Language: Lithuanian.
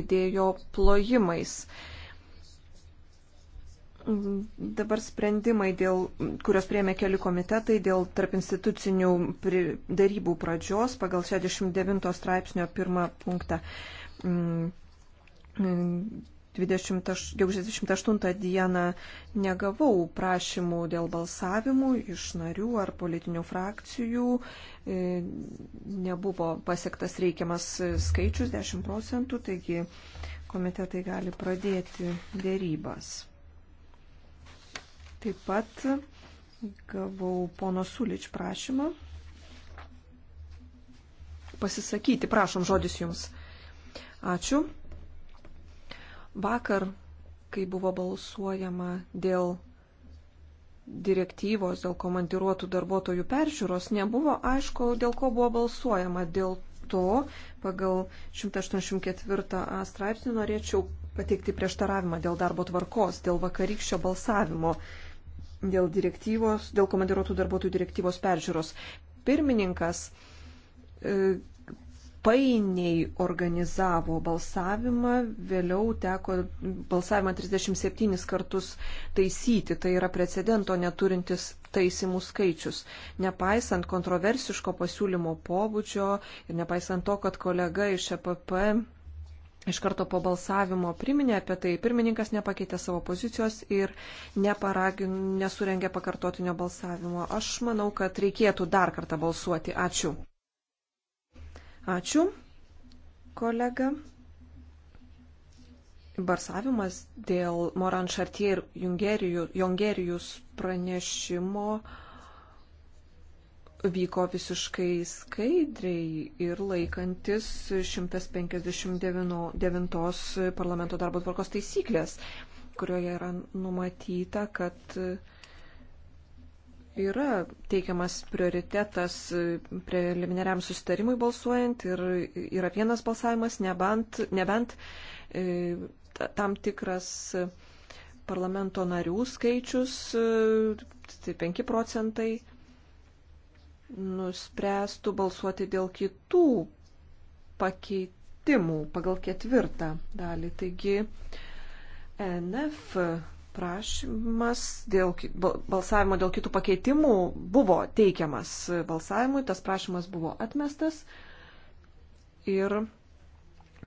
didėjo plojimais. Dabar sprendimai, dėl, kurios priemė keli komitetai dėl tarp institucinių darybų pradžios pagal 69 straipsnio pirmą punktą mm, gegužės 28 dieną negavau prašymų dėl balsavimų iš narių ar politinių frakcijų. E, nebuvo pasiektas reikiamas skaičius 10 procentų, taigi komitetai gali pradėti dėrybas. Taip pat gavau pono Sulič prašymą pasisakyti. Prašom, žodis jums. Ačiū. Vakar, kai buvo balsuojama dėl direktyvos, dėl komandiruotų darbuotojų peržiūros, nebuvo aišku, dėl ko buvo balsuojama. Dėl to, pagal 184 A straipsnį norėčiau pateikti prieštaravimą dėl darbo tvarkos, dėl vakarykščio balsavimo, dėl direktyvos, dėl komandiruotų darbuotojų direktyvos peržiūros. Pirmininkas e, painiai organizavo balsavimą, vėliau teko balsavimą 37 kartus taisyti, tai yra precedento neturintis taisimų skaičius. Nepaisant kontroversiško pasiūlymo pobūdžio ir nepaisant to, kad kolega iš EPP iš karto po balsavimo priminė apie tai, pirmininkas nepakeitė savo pozicijos ir neparagin, nesurengė pakartotinio balsavimo. Aš manau, kad reikėtų dar kartą balsuoti. Ačiū. Ačiū, kolega. Barsavimas dėl Moran Šartier ir Jongerijus pranešimo vyko visiškai skaidriai ir laikantis 159 parlamento darbo tvarkos taisyklės, kurioje yra numatyta, kad yra teikiamas prioritetas preliminariam sustarimui balsuojant ir yra vienas balsavimas, nebent, nebent tam tikras parlamento narių skaičius, e, tai 5 procentai, nuspręstų balsuoti dėl kitų pakeitimų pagal ketvirtą dalį. Taigi NF prašymas dėl balsavimo dėl kitų pakeitimų buvo teikiamas balsavimui, tas prašymas buvo atmestas ir